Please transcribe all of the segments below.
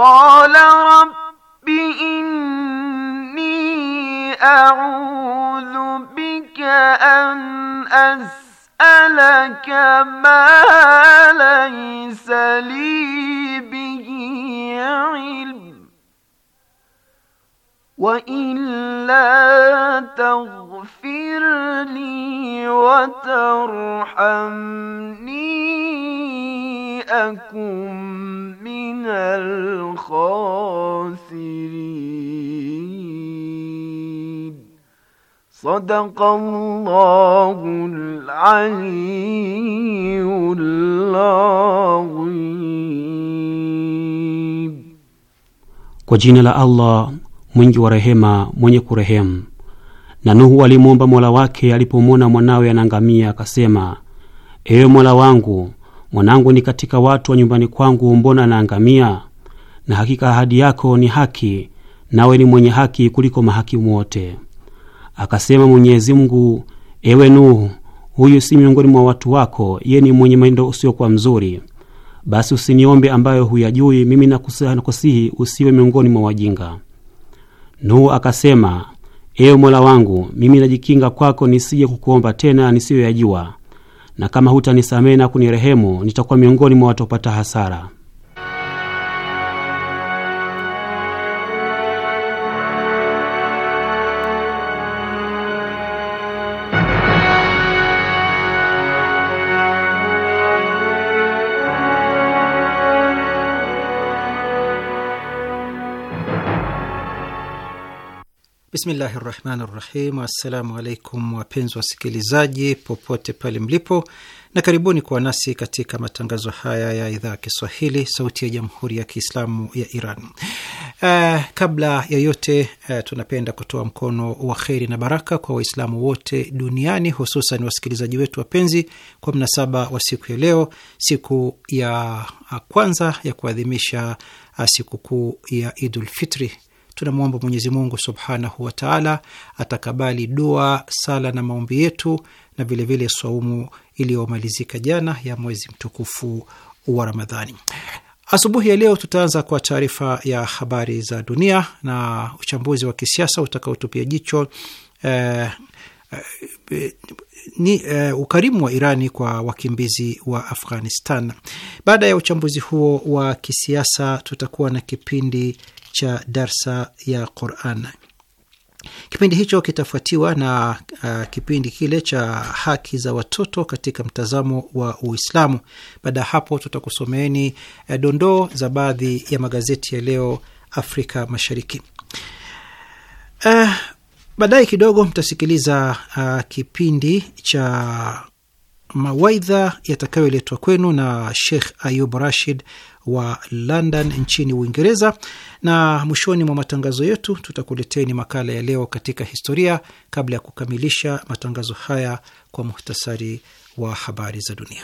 قال رب إني أعوذ بك أن أسألك ما ليس لي به علم وإلا تغفر لي وترحمني أكن من الخاسرين صدق الله العلي العظيم وجينا لأ الله mwingi wa rehema, mwenye kurehemu. Na Nuhu alimwomba mola wake alipomwona mwanawe anaangamia, akasema: ewe mola wangu, mwanangu ni katika watu wa nyumbani kwangu, mbona anaangamia? Na hakika ahadi yako ni haki, nawe ni mwenye haki kuliko mahakimu wote. Akasema Mwenyezi Mungu: ewe Nuhu, huyu si miongoni mwa watu wako, iye ni mwenye mwendo usiokuwa mzuri, basi usiniombe ambayo huyajui. Mimi nakusihi usiwe miongoni mwa wajinga. Nuhu akasema, ewe Mola wangu, mimi najikinga kwako nisije kukuomba tena nisiyoyajua, na kama hutanisamehe na kunirehemu nitakuwa miongoni mwa watopata hasara. Bismillahi rahmani rahim. Assalamu alaikum wapenzi wasikilizaji popote pale mlipo, na karibuni kuwa nasi katika matangazo haya ya idhaa ya Kiswahili sauti ya jamhuri ya Kiislamu ya Iran. Uh, kabla ya yote uh, tunapenda kutoa mkono wa kheri na baraka kwa Waislamu wote duniani, hususan wasikilizaji wetu wapenzi, kwa mnasaba wa siku ya leo, siku ya kwanza ya kuadhimisha eh, sikukuu ya Idul Fitri Tunamwomba Mwenyezi Mungu subhanahu wa taala atakabali dua, sala na maombi yetu na vilevile saumu iliyomalizika jana ya mwezi mtukufu wa Ramadhani. Asubuhi ya leo tutaanza kwa taarifa ya habari za dunia na uchambuzi wa kisiasa utakaotupia jicho eh, eh, ni uh, ukarimu wa Irani kwa wakimbizi wa Afghanistan. Baada ya uchambuzi huo wa kisiasa, tutakuwa na kipindi cha darsa ya Quran. Kipindi hicho kitafuatiwa na uh, kipindi kile cha haki za watoto katika mtazamo wa Uislamu. Baada ya hapo, tutakusomeeni uh, dondoo za baadhi ya magazeti ya leo Afrika Mashariki. Uh, baadaye kidogo mtasikiliza uh, kipindi cha mawaidha yatakayoletwa kwenu na Sheikh Ayub Rashid wa London nchini Uingereza. Na mwishoni mwa matangazo yetu tutakuleteni makala ya leo katika historia, kabla ya kukamilisha matangazo haya kwa muhtasari wa habari za dunia.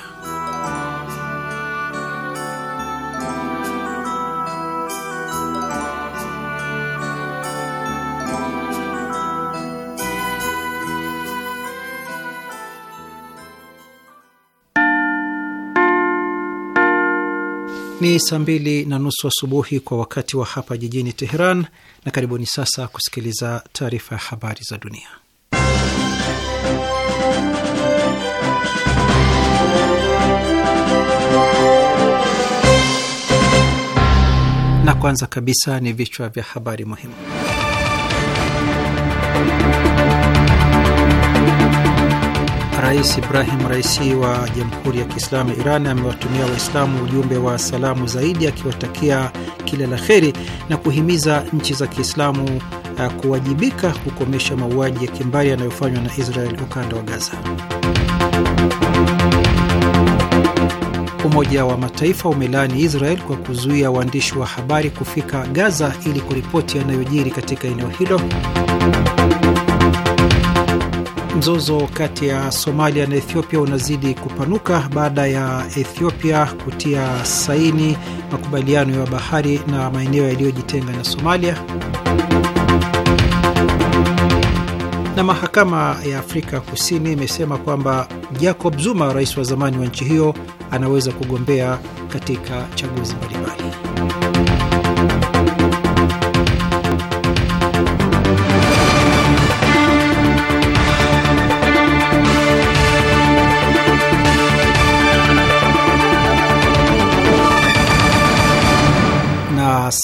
Ni saa mbili na nusu asubuhi wa kwa wakati wa hapa jijini Teheran, na karibuni sasa kusikiliza taarifa ya habari za dunia. Na kwanza kabisa ni vichwa vya habari muhimu. Rais Ibrahim Raisi wa Jamhuri ya Kiislamu ya Iran amewatumia Waislamu ujumbe wa salamu zaidi akiwatakia kila la kheri na kuhimiza nchi za Kiislamu uh, kuwajibika kukomesha mauaji ya kimbari yanayofanywa na Israel ukanda wa Gaza. Umoja wa Mataifa umelaani Israel kwa kuzuia waandishi wa habari kufika Gaza ili kuripoti yanayojiri katika eneo hilo. Mzozo kati ya Somalia na Ethiopia unazidi kupanuka baada ya Ethiopia kutia saini makubaliano ya bahari na maeneo yaliyojitenga na Somalia. Na mahakama ya Afrika Kusini imesema kwamba Jacob Zuma, rais wa zamani wa nchi hiyo, anaweza kugombea katika chaguzi mbalimbali.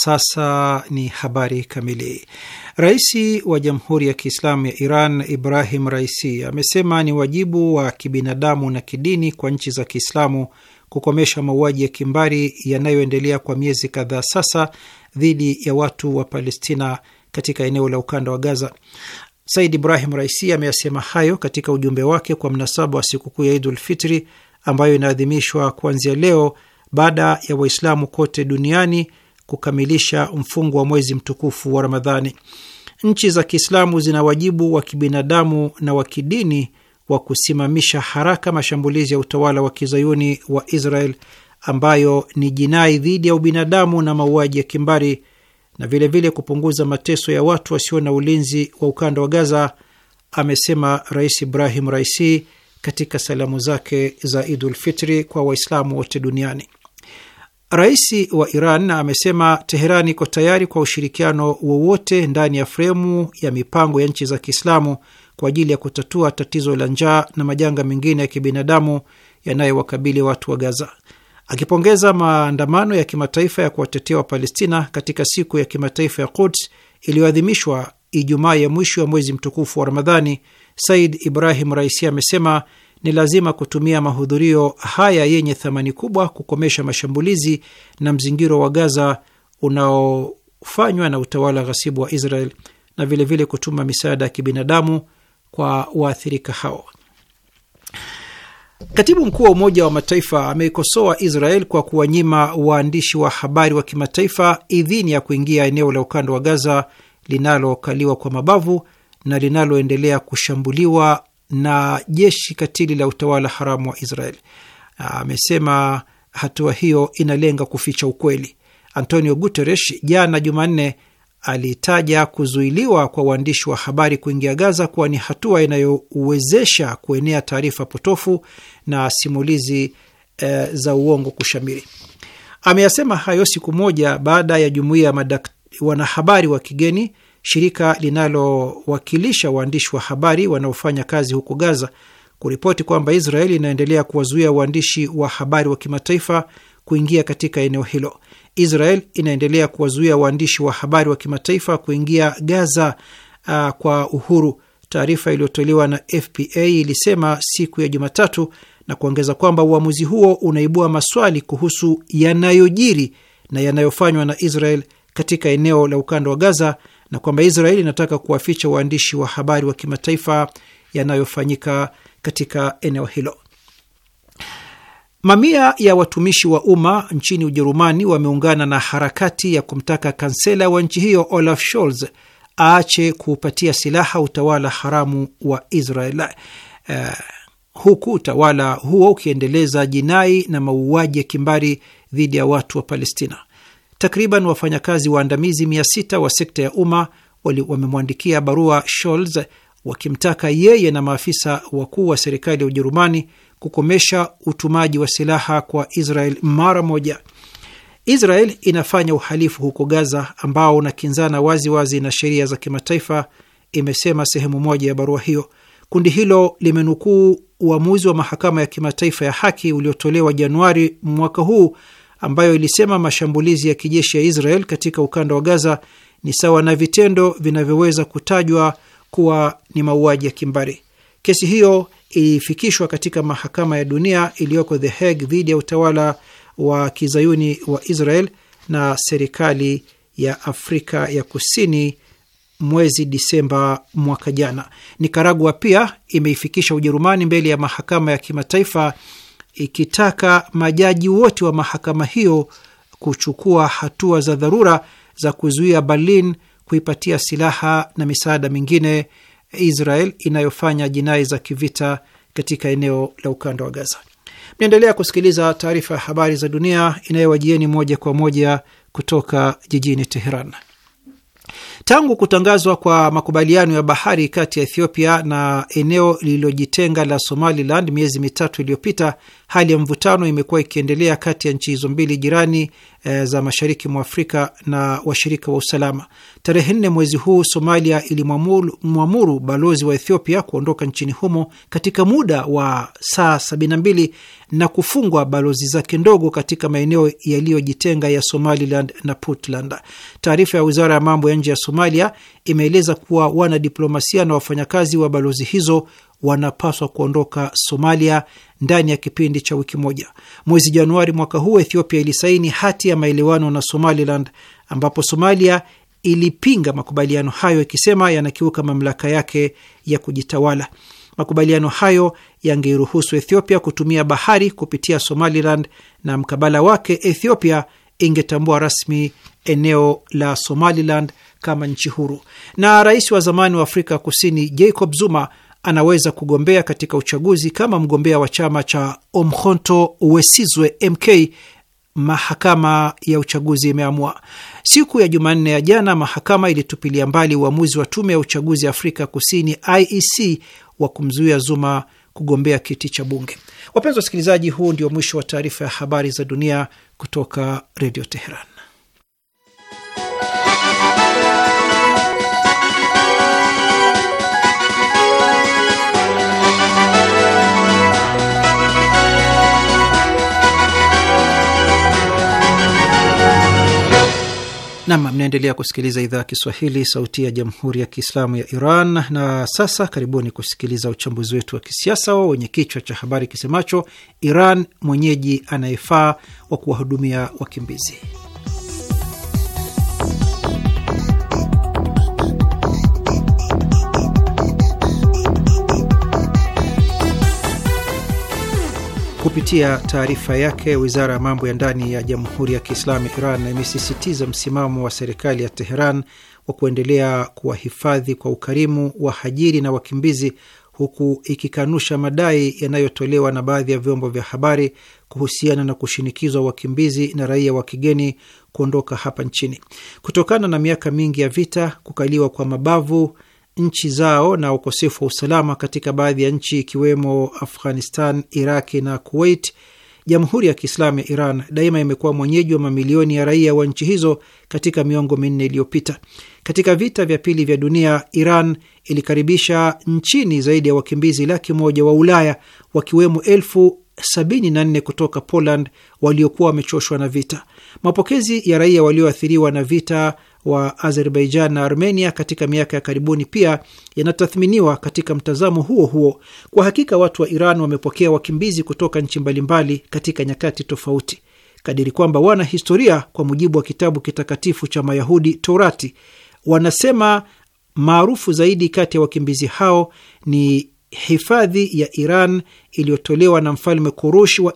sasa ni habari kamili. Rais wa Jamhuri ya Kiislamu ya Iran Ibrahim Raisi amesema ni wajibu wa kibinadamu na kidini kwa nchi za Kiislamu kukomesha mauaji ya kimbari yanayoendelea kwa miezi kadhaa sasa dhidi ya watu wa Palestina katika eneo la ukanda wa Gaza. Said Ibrahim Raisi ameyasema hayo katika ujumbe wake kwa mnasaba wa sikukuu ya Idul Fitri ambayo inaadhimishwa kuanzia leo baada ya Waislamu kote duniani kukamilisha mfungo wa mwezi mtukufu wa Ramadhani. Nchi za Kiislamu zina wajibu wa kibinadamu na wa kidini wa kusimamisha haraka mashambulizi ya utawala wa kizayuni wa Israel ambayo ni jinai dhidi ya ubinadamu na mauaji ya kimbari na vilevile vile kupunguza mateso ya watu wasio na ulinzi wa ukanda wa Gaza, amesema Rais Ibrahim Raisi katika salamu zake za Idul Fitri kwa Waislamu wote duniani. Rais wa Iran amesema Teheran iko tayari kwa ushirikiano wowote ndani ya fremu ya mipango ya nchi za Kiislamu kwa ajili ya kutatua tatizo la njaa na majanga mengine ya kibinadamu yanayowakabili watu wa Gaza. Akipongeza maandamano ya kimataifa ya kuwatetea wa Palestina katika siku ya kimataifa ya Quds iliyoadhimishwa Ijumaa ya mwisho ya mwezi mtukufu wa Ramadhani, Said Ibrahim Raisi amesema ni lazima kutumia mahudhurio haya yenye thamani kubwa kukomesha mashambulizi na mzingiro wa Gaza unaofanywa na utawala ghasibu wa Israel na vilevile vile kutuma misaada ya kibinadamu kwa waathirika hao. Katibu mkuu wa Umoja wa Mataifa ameikosoa Israel kwa kuwanyima waandishi wa habari wa kimataifa idhini ya kuingia eneo la ukanda wa Gaza linalokaliwa kwa mabavu na linaloendelea kushambuliwa na jeshi katili la utawala haramu wa Israel. Amesema hatua hiyo inalenga kuficha ukweli. Antonio Guterres jana Jumanne alitaja kuzuiliwa kwa waandishi wa habari kuingia Gaza kuwa ni hatua inayowezesha kuenea taarifa potofu na simulizi e, za uongo kushamiri. Ameyasema hayo siku moja baada ya jumuiya ya wanahabari wa kigeni shirika linalowakilisha waandishi wa habari wanaofanya kazi huko Gaza kuripoti kwamba Israeli inaendelea kuwazuia waandishi wa habari wa kimataifa kuingia katika eneo hilo. Israel inaendelea kuwazuia waandishi wa habari wa kimataifa kuingia Gaza uh, kwa uhuru. Taarifa iliyotolewa na FPA ilisema siku ya Jumatatu na kuongeza kwamba uamuzi huo unaibua maswali kuhusu yanayojiri na yanayofanywa na Israel katika eneo la ukanda wa Gaza na kwamba Israeli inataka kuwaficha waandishi wa habari wa kimataifa yanayofanyika katika eneo hilo. Mamia ya watumishi wa umma nchini Ujerumani wameungana na harakati ya kumtaka kansela wa nchi hiyo Olaf Scholz aache kuupatia silaha utawala haramu wa Israel, uh, huku utawala huo ukiendeleza jinai na mauaji ya kimbari dhidi ya watu wa Palestina. Takriban wafanyakazi waandamizi 600 wa sekta ya umma wamemwandikia barua Scholz wakimtaka yeye na maafisa wakuu wa serikali ya Ujerumani kukomesha utumaji wa silaha kwa Israel mara moja. Israel inafanya uhalifu huko Gaza ambao unakinzana waziwazi wazi na sheria za kimataifa, imesema sehemu moja ya barua hiyo. Kundi hilo limenukuu uamuzi wa mahakama ya kimataifa ya haki uliotolewa Januari mwaka huu ambayo ilisema mashambulizi ya kijeshi ya Israel katika ukanda wa Gaza ni sawa na vitendo vinavyoweza kutajwa kuwa ni mauaji ya kimbari. Kesi hiyo ilifikishwa katika mahakama ya dunia iliyoko The Hague dhidi ya utawala wa kizayuni wa Israel na serikali ya Afrika ya Kusini mwezi Disemba mwaka jana. Nikaragua pia imeifikisha Ujerumani mbele ya mahakama ya kimataifa ikitaka majaji wote wa mahakama hiyo kuchukua hatua za dharura za kuzuia Berlin kuipatia silaha na misaada mingine Israel inayofanya jinai za kivita katika eneo la ukanda wa Gaza. Mnaendelea kusikiliza taarifa ya habari za dunia inayowajieni moja kwa moja kutoka jijini Teheran. Tangu kutangazwa kwa makubaliano ya bahari kati ya Ethiopia na eneo lililojitenga la Somaliland miezi mitatu iliyopita, hali ya mvutano imekuwa ikiendelea kati ya nchi hizo mbili jirani Eh, za mashariki mwa Afrika na washirika wa usalama. Tarehe nne mwezi huu Somalia ilimwamuru balozi wa Ethiopia kuondoka nchini humo katika muda wa saa 72 na kufungwa balozi zake ndogo katika maeneo yaliyojitenga ya Somaliland na Puntland. Taarifa ya wizara ya mambo ya nje ya Somalia imeeleza kuwa wanadiplomasia na wafanyakazi wa balozi hizo wanapaswa kuondoka Somalia ndani ya kipindi cha wiki moja. Mwezi Januari mwaka huu, Ethiopia ilisaini hati ya maelewano na Somaliland, ambapo Somalia ilipinga makubaliano hayo ikisema yanakiuka mamlaka yake ya kujitawala. Makubaliano hayo yangeiruhusu Ethiopia kutumia bahari kupitia Somaliland na mkabala wake, Ethiopia ingetambua rasmi eneo la Somaliland kama nchi huru. Na rais wa zamani wa Afrika Kusini Jacob Zuma anaweza kugombea katika uchaguzi kama mgombea wa chama cha Omkhonto Wesizwe MK, mahakama ya uchaguzi imeamua. Siku ya Jumanne ya jana, mahakama ilitupilia mbali uamuzi wa tume ya uchaguzi Afrika Kusini IEC wa kumzuia Zuma kugombea kiti cha bunge. Wapenzi wasikilizaji, huu ndio mwisho wa taarifa ya habari za dunia kutoka Redio Teheran. Nam, mnaendelea kusikiliza idhaa ya Kiswahili, sauti ya jamhuri ya kiislamu ya Iran. Na sasa karibuni kusikiliza uchambuzi wetu wa kisiasa wenye kichwa cha habari kisemacho Iran mwenyeji anayefaa wa kuwahudumia wakimbizi. Kupitia taarifa yake, wizara ya mambo ya ndani ya Jamhuri ya Kiislamu Iran imesisitiza msimamo wa serikali ya Teheran wa kuendelea kuwahifadhi kwa ukarimu wahajiri na wakimbizi huku ikikanusha madai yanayotolewa na baadhi ya vyombo vya habari kuhusiana na kushinikizwa wakimbizi na raia wa kigeni kuondoka hapa nchini kutokana na miaka mingi ya vita, kukaliwa kwa mabavu nchi zao na ukosefu wa usalama katika baadhi ya nchi ikiwemo Afghanistan, Iraki na Kuwait, Jamhuri ya Kiislamu ya Iran daima imekuwa mwenyeji wa mamilioni ya raia wa nchi hizo katika miongo minne iliyopita. Katika vita vya pili vya dunia, Iran ilikaribisha nchini zaidi ya wakimbizi laki moja wa Ulaya, wakiwemo elfu sabini na nne kutoka Poland waliokuwa wamechoshwa na vita. Mapokezi ya raia walioathiriwa na vita wa Azerbaijan na Armenia katika miaka ya karibuni pia yanatathminiwa katika mtazamo huo huo. Kwa hakika watu wa Iran wamepokea wakimbizi kutoka nchi mbalimbali katika nyakati tofauti, kadiri kwamba wana historia, kwa mujibu wa kitabu kitakatifu cha Mayahudi Torati, wanasema maarufu zaidi kati ya wakimbizi hao ni hifadhi ya Iran iliyotolewa na mfalme Kurush wa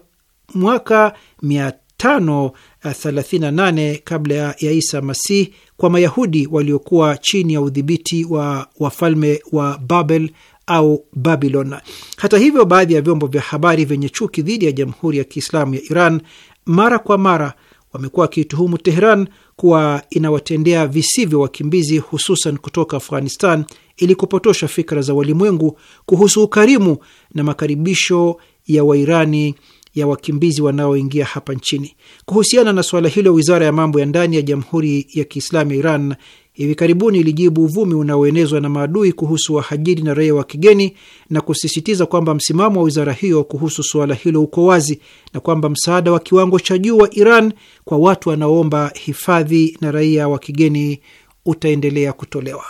mwaka 538 kabla ya Isa Masih kwa Mayahudi waliokuwa chini ya udhibiti wa wafalme wa Babel au Babilon. Hata hivyo, baadhi ya vyombo vya habari vyenye chuki dhidi ya Jamhuri ya Kiislamu ya Iran mara kwa mara wamekuwa wakiituhumu Teheran kuwa inawatendea visivyo wakimbizi hususan kutoka Afghanistan ili kupotosha fikra za walimwengu kuhusu ukarimu na makaribisho ya Wairani ya wakimbizi wanaoingia hapa nchini. Kuhusiana na suala hilo, wizara ya mambo ya ndani ya Jamhuri ya Kiislamu ya Iran hivi karibuni ilijibu uvumi unaoenezwa na maadui kuhusu wahajiri na raia wa kigeni na kusisitiza kwamba msimamo wa wizara hiyo kuhusu suala hilo uko wazi na kwamba msaada wa kiwango cha juu wa Iran kwa watu wanaoomba hifadhi na raia wa kigeni utaendelea kutolewa.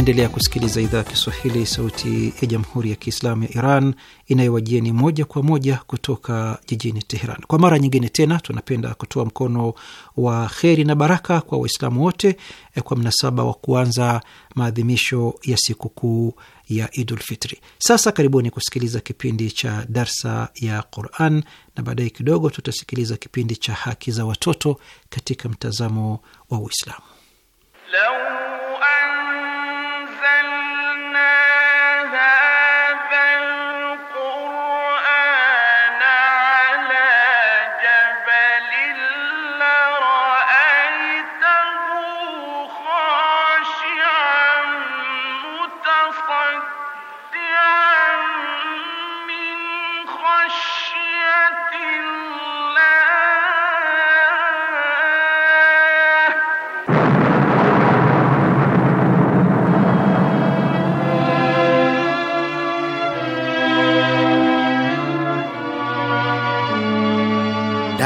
Naendelea kusikiliza idhaa ya Kiswahili, sauti ya jamhuri ya kiislamu ya Iran inayowajieni moja kwa moja kutoka jijini Teheran. Kwa mara nyingine tena, tunapenda kutoa mkono wa kheri na baraka kwa Waislamu wote eh, kwa mnasaba wa kuanza maadhimisho ya sikukuu ya Idul Fitri. Sasa karibuni kusikiliza kipindi cha darsa ya Quran na baadaye kidogo tutasikiliza kipindi cha haki za watoto katika mtazamo wa Uislamu.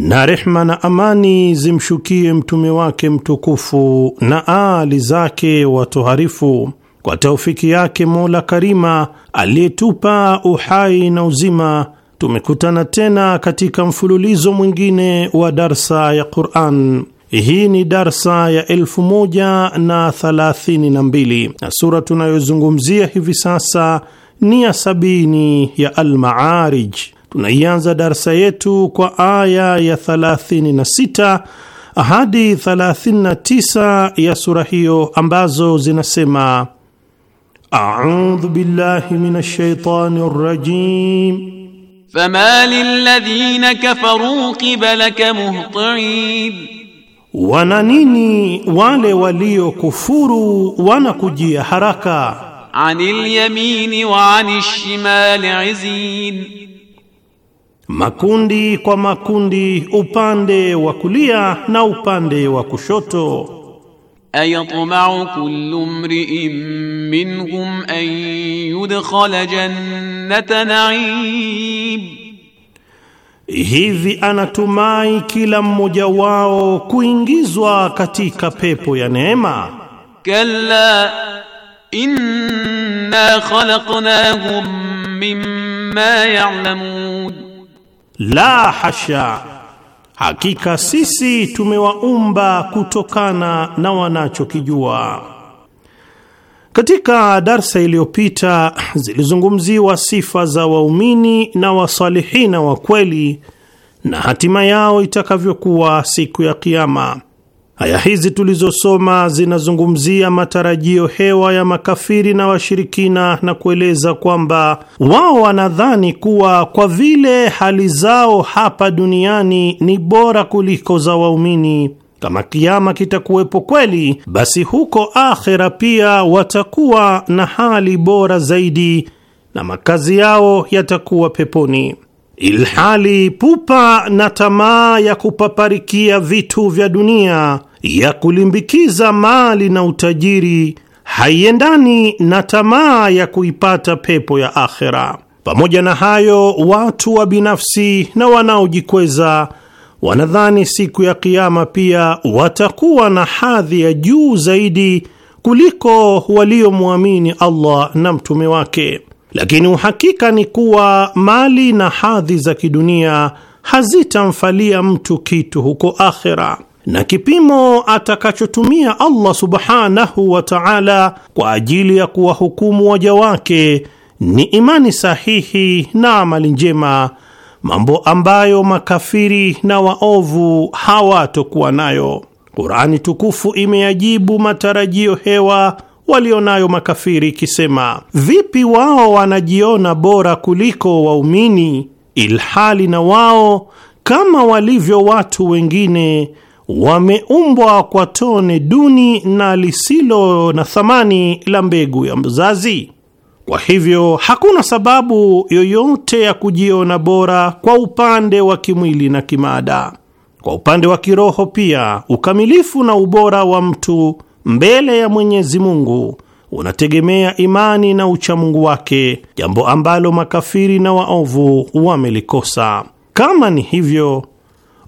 na rehma na amani zimshukie mtume wake mtukufu na aali zake watoharifu. Kwa taufiki yake Mola Karima aliyetupa uhai na uzima, tumekutana tena katika mfululizo mwingine wa darsa ya Quran. Hii ni darsa ya elfu moja na thalathini na mbili na sura tunayozungumzia hivi sasa ni ya sabini ya Almaarij. Tunaianza darsa yetu kwa aya ya 36 hadi 39 ya sura hiyo ambazo zinasema: audhu billahi minash shaitani rajim fama lilladhina kafaru qibalaka muhtain, wana nini wale waliokufuru wanakujia haraka. Anil yamini wa anish shimali izin makundi kwa makundi, upande wa kulia na upande wa kushoto. Ayatma'u kullu mri'in minhum an yudkhala jannata na'im, hivi anatumai kila mmoja wao kuingizwa katika pepo ya neema. Kalla inna khalaqnahum mimma ya'lamun la hasha, hakika sisi tumewaumba kutokana na wanachokijua. Katika darsa iliyopita zilizungumziwa sifa za waumini na wasalihina wa kweli na hatima yao itakavyokuwa siku ya Kiyama. Aya hizi tulizosoma zinazungumzia matarajio hewa ya makafiri na washirikina na kueleza kwamba wao wanadhani kuwa kwa vile hali zao hapa duniani ni bora kuliko za waumini, kama kiama kitakuwepo kweli, basi huko akhera pia watakuwa na hali bora zaidi na makazi yao yatakuwa peponi ilhali pupa na tamaa ya kupaparikia vitu vya dunia, ya kulimbikiza mali na utajiri haiendani na tamaa ya kuipata pepo ya akhera. Pamoja na hayo, watu wa binafsi na wanaojikweza wanadhani siku ya Kiama pia watakuwa na hadhi ya juu zaidi kuliko waliomwamini Allah na mtume wake lakini uhakika ni kuwa mali na hadhi za kidunia hazitamfalia mtu kitu huko akhera, na kipimo atakachotumia Allah subhanahu wa ta'ala kwa ajili ya kuwahukumu waja wake ni imani sahihi na amali njema, mambo ambayo makafiri na waovu hawatokuwa nayo. Qur'ani tukufu imeyajibu matarajio hewa walionayo makafiri ikisema, vipi wao wanajiona bora kuliko waumini, ilhali na wao kama walivyo watu wengine wameumbwa kwa tone duni na lisilo na thamani la mbegu ya mzazi. Kwa hivyo hakuna sababu yoyote ya kujiona bora kwa upande wa kimwili na kimaada. Kwa upande wa kiroho pia, ukamilifu na ubora wa mtu mbele ya Mwenyezi Mungu unategemea imani na uchamungu wake, jambo ambalo makafiri na waovu wamelikosa. Kama ni hivyo,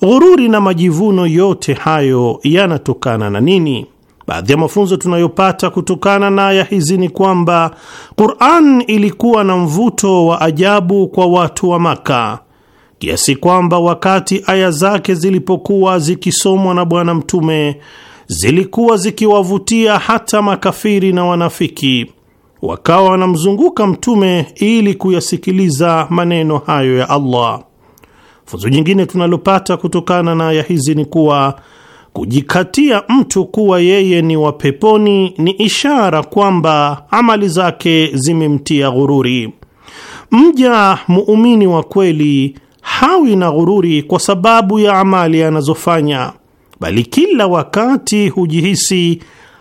ghururi na majivuno yote hayo yanatokana na nini? Baadhi ya mafunzo tunayopata kutokana na aya hizi ni kwamba Qur'an ilikuwa na mvuto wa ajabu kwa watu wa Maka kiasi kwamba wakati aya zake zilipokuwa zikisomwa na Bwana Mtume zilikuwa zikiwavutia hata makafiri na wanafiki, wakawa wanamzunguka Mtume ili kuyasikiliza maneno hayo ya Allah. Funzo nyingine tunalopata kutokana na aya hizi ni kuwa kujikatia mtu kuwa yeye ni wa peponi ni ishara kwamba amali zake zimemtia ghururi. Mja muumini wa kweli hawi na ghururi kwa sababu ya amali anazofanya bali kila wakati hujihisi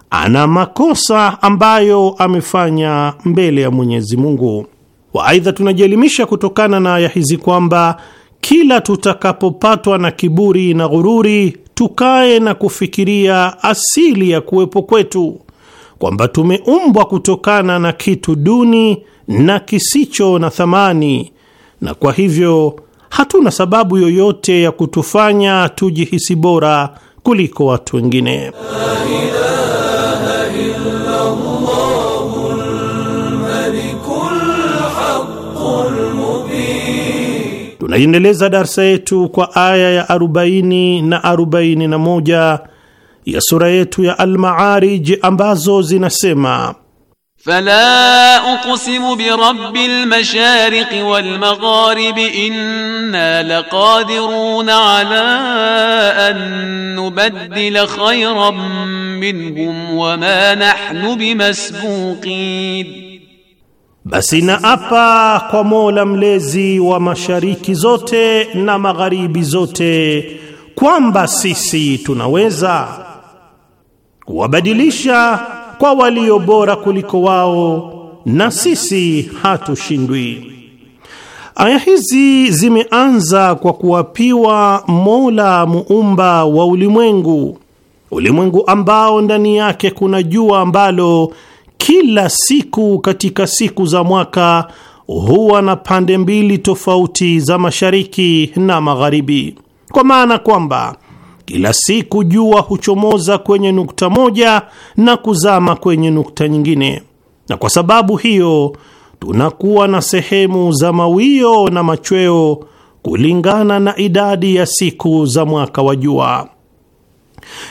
ana makosa ambayo amefanya mbele ya Mwenyezi Mungu. Waaidha, tunajielimisha kutokana na aya hizi kwamba kila tutakapopatwa na kiburi na ghururi, tukae na kufikiria asili ya kuwepo kwetu, kwamba tumeumbwa kutokana na kitu duni na kisicho na thamani, na kwa hivyo hatuna sababu yoyote ya kutufanya tujihisi bora kuliko watu wengine. Tunaiendeleza darsa yetu kwa aya ya 40 na 41 ya sura yetu ya almaarij ambazo zinasema فلا أقسم برب المشارق والمغارب إنا لقادرون على أن نبدل خيرا منهم وما نحن بمسبوقين بس إن أبا لم ملزي ومشارك زوتي نمغارب زوتي كوامبا سيسي تنويزا وبدلشا kwa walio bora kuliko wao na sisi hatushindwi. Aya hizi zimeanza kwa kuapiwa Mola muumba wa ulimwengu, ulimwengu ambao ndani yake kuna jua ambalo kila siku katika siku za mwaka huwa na pande mbili tofauti za mashariki na magharibi, kwa maana kwamba kila siku jua huchomoza kwenye nukta moja na kuzama kwenye nukta nyingine, na kwa sababu hiyo tunakuwa na sehemu za mawio na machweo kulingana na idadi ya siku za mwaka wa jua.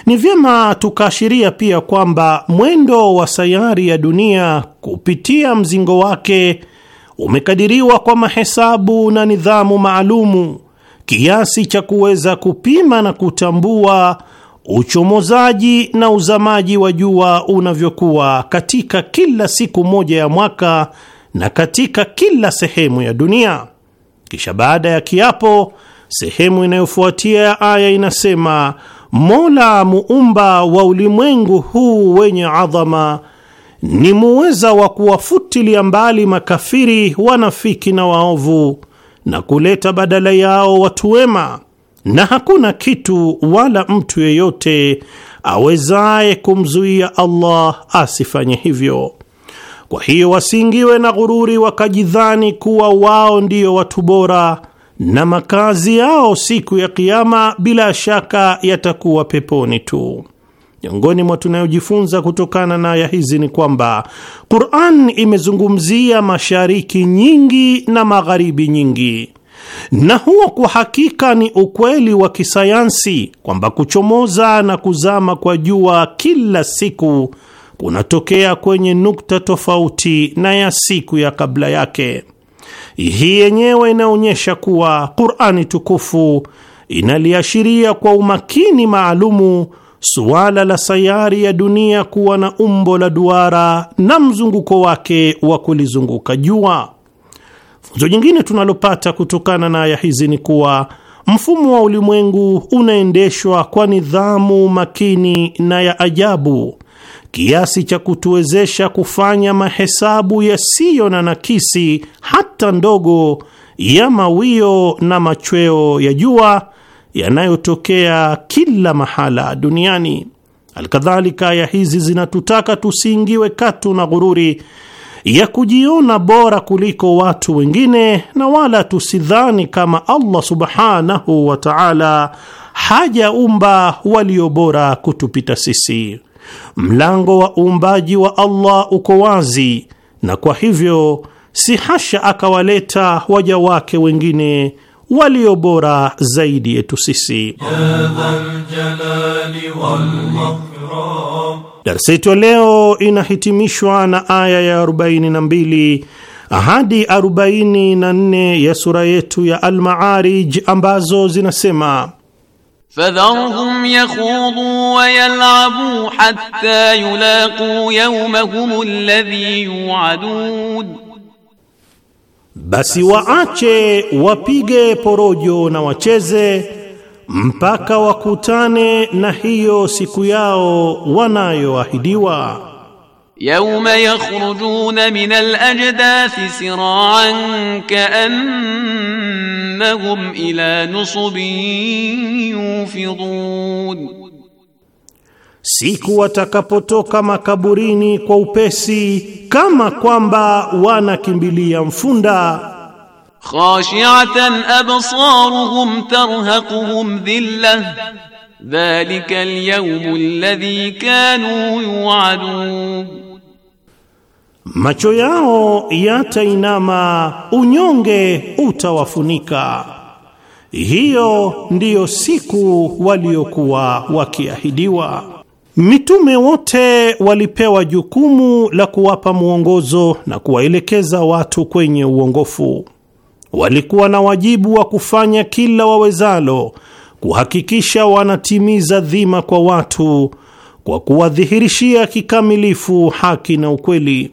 Ni vyema tukaashiria pia kwamba mwendo wa sayari ya dunia kupitia mzingo wake umekadiriwa kwa mahesabu na nidhamu maalumu kiasi cha kuweza kupima na kutambua uchomozaji na uzamaji wa jua unavyokuwa katika kila siku moja ya mwaka na katika kila sehemu ya dunia. Kisha baada ya kiapo, sehemu inayofuatia ya aya inasema: Mola muumba wa ulimwengu huu wenye adhama ni muweza wa kuwafutilia mbali makafiri, wanafiki na waovu na kuleta badala yao watu wema, na hakuna kitu wala mtu yeyote awezaye kumzuia Allah asifanye hivyo. Kwa hiyo wasiingiwe na ghururi wakajidhani kuwa wao ndiyo watu bora na makazi yao siku ya Kiama bila shaka yatakuwa peponi tu. Miongoni mwa tunayojifunza kutokana na aya hizi ni kwamba Qur'an imezungumzia mashariki nyingi na magharibi nyingi, na huo kwa hakika ni ukweli wa kisayansi kwamba kuchomoza na kuzama kwa jua kila siku kunatokea kwenye nukta tofauti na ya siku ya kabla yake. Hii yenyewe inaonyesha kuwa Qur'ani tukufu inaliashiria kwa umakini maalumu suala la sayari ya dunia kuwa na umbo la duara na mzunguko wake wa kulizunguka jua. Funzo jingine tunalopata kutokana na aya hizi ni kuwa mfumo wa ulimwengu unaendeshwa kwa nidhamu makini na ya ajabu kiasi cha kutuwezesha kufanya mahesabu yasiyo na nakisi hata ndogo ya mawio na machweo ya jua yanayotokea kila mahala duniani. Alkadhalika, aya hizi zinatutaka tusiingiwe katu na ghururi ya kujiona bora kuliko watu wengine, na wala tusidhani kama Allah subhanahu wa ta'ala hajaumba walio bora kutupita sisi. Mlango wa uumbaji wa Allah uko wazi, na kwa hivyo si hasha akawaleta waja wake wengine walio bora zaidi yetu sisi. Darsa yetu leo inahitimishwa na aya ya 42 hadi 44 ya sura yetu ya almaarij ambazo zinasema Fadharhum yakhudu wa yal'abu hatta yulaqu yawmahum alladhi yu'adun basi waache wapige porojo na wacheze mpaka wakutane na hiyo siku yao wanayoahidiwa. Yawma yakhrujuna min al-ajdathi sir'an ka'annahum ila nusubin yufidun siku watakapotoka makaburini kwa upesi kama kwamba wanakimbilia mfunda. khashi'atan absaruhum tarhaquhum dhilla dhalika alyawm alladhi kanu yu'adun, macho yao yatainama, unyonge utawafunika. Hiyo ndiyo siku waliokuwa wakiahidiwa. Mitume wote walipewa jukumu la kuwapa mwongozo na kuwaelekeza watu kwenye uongofu. Walikuwa na wajibu wa kufanya kila wawezalo kuhakikisha wanatimiza dhima kwa watu kwa kuwadhihirishia kikamilifu haki na ukweli.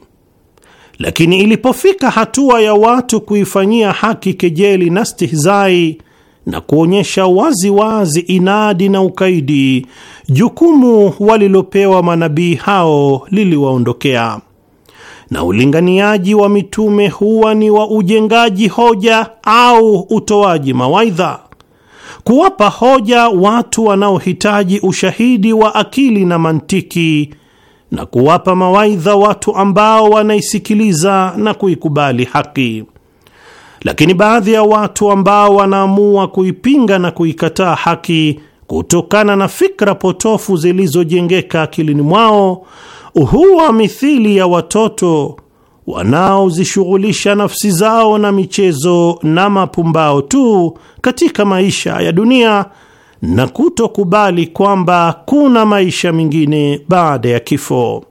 Lakini ilipofika hatua ya watu kuifanyia haki kejeli na stihizai na kuonyesha wazi wazi inadi na ukaidi, jukumu walilopewa manabii hao liliwaondokea. Na ulinganiaji wa mitume huwa ni wa ujengaji hoja au utoaji mawaidha, kuwapa hoja watu wanaohitaji ushahidi wa akili na mantiki, na kuwapa mawaidha watu ambao wanaisikiliza na kuikubali haki lakini baadhi ya watu ambao wanaamua kuipinga na kuikataa haki kutokana na fikra potofu zilizojengeka akilini mwao huwa mithili ya watoto wanaozishughulisha nafsi zao na michezo na mapumbao tu katika maisha ya dunia na kutokubali kwamba kuna maisha mengine baada ya kifo